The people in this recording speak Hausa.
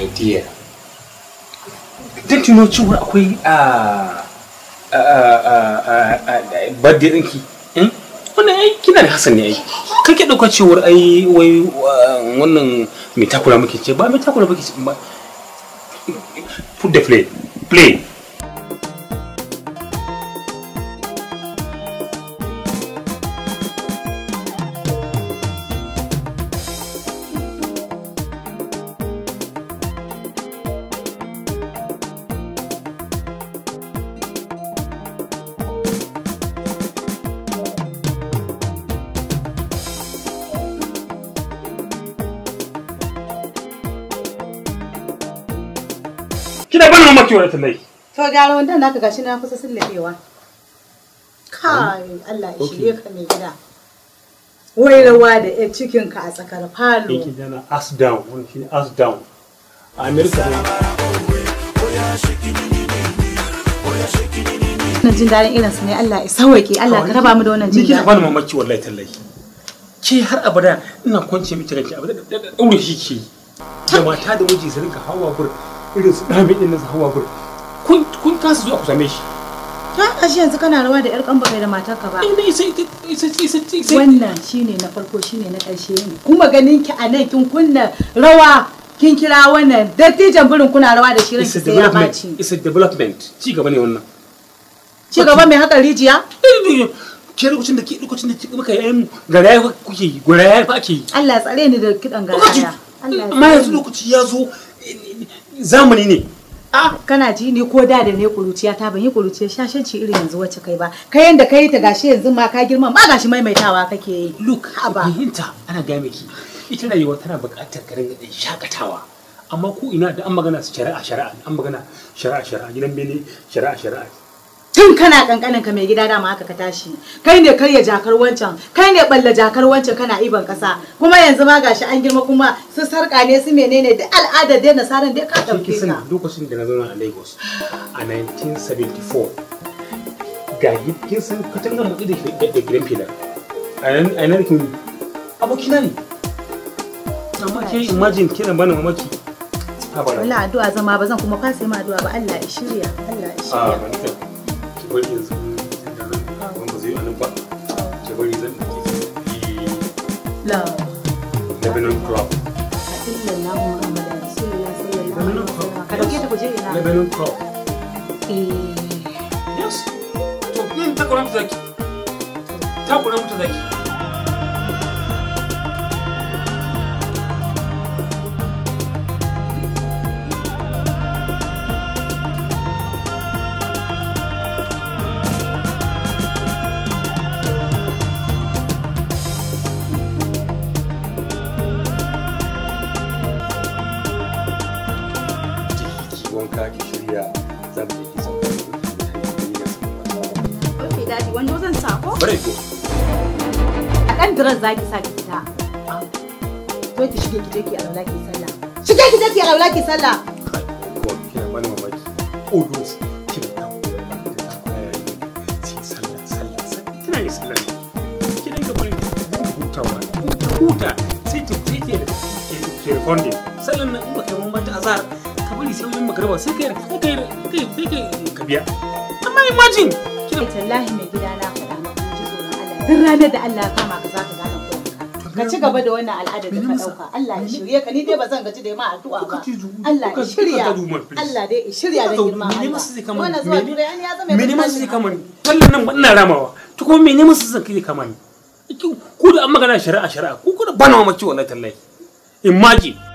idea did you know akwai a ah, ah, ah, hmm? wannan ai kina da hasan ne ai kake a cewar ai wai wannan mai takura ce ba takura ce ba put the play play dai ban mamaki wa tallahi to gyara wannan naka gashi na kusa sallafewa kai hmm. Allah ya shirye ka mai gida wai rawa da ya cikin ka a tsakar falo yake jana as down wani shi as down Amerika America ne wannan jin daɗin irin su ne Allah ya sauke Allah ka raba mu da wannan jin daɗin ban mamaki wallahi tallahi ke har abada ina kwance miki ranki abada da daure shi ke da mata da miji su rinka hawa gurin irin su dami din nan hawa gudu kun kun kasa zuwa ku same shi ta ashe yanzu kana rawa da yar kamba da matarka ba eh dai sai sai sai sai wannan shine na farko shine na ƙarshe kuma ganin ki a nan kin kunna rawa kin kira wannan dattijan burin kuna rawa da shirin sai ya baci is a development ci gaba ne wannan ci gaba mai haka rijiya eh, ke lokacin da ke lokacin da muka yayin garaya kuke yi garaya fa ake yi Allah tsare ni da kidan garaya Allah amma yanzu lokaci ya zo zamani ne ah kana ji ni ko da da ne kuruciya ta ban yi kuruciya shashanci irin yanzu wacce kai ba kai yanda kai ta gashi yanzu ma ka girma ma gashi maimaitawa kake yi look haba hinta ana ga miki ita rayuwa tana buƙatar ka ringa dan shakatawa amma ko ina da an magana su shari'a shari'a an magana shari'a shari'a gidan bene shari'a shari'a tun kana kankanin ka mai gida dama haka ka tashi kai ne karya jakar wancan kai ne balla jakar wancan kana iban kasa kuma yanzu ma gashi an girma kuma su sarka ne su menene duk al'adar dai nasaran dai ka dauke ka lokacin da na zauna a Lagos a 1974 ga kin san katangar hudu da Green Pillar a nan a nan kin abokina ne amma ke imagine kina bana mamaki Wala addu'a zama ba zan kuma fasa ma addu'a ba Allah ya shirya Allah ya shirya ah, bari yanzu wanda zai ba bari zan yi Lebanon crop Lebanon crop eh. yes to yin takwarar zaki takwarar zaki taimaka ki shirya za mu je ki san Okay, daddy, wando zan sako? Bare ko. A kan dress za ki sa ki fita. To ki shige ki je ki alwala ki sallah. Shige ki je ki alwala ki sallah. Ko kina bani mamaki. Odo ta sallah sallah Kina Sallan nan in ba kai mun bata azar. ka bari sai mun magarba sai kai sai kai sai kai ka biya amma imagine kina tallahi mai gida na fada maka ji tsoron Allah duk ranar da Allah ya kama ka za ka gane ko ka ci gaba da wannan al'ada da ka dauka Allah ya shirye ka ni dai ba zan gaji da ma addu'a ba Allah ya shirya Allah dai ya shirya da girma Allah wannan zuwa turai an ya zama mene masu zai kama ni kallon nan ina ramawa to kuma me mene masu zan kai kama ni ku da an magana shari'a shari'a ku ku da bana mamaki wannan tallahi imagine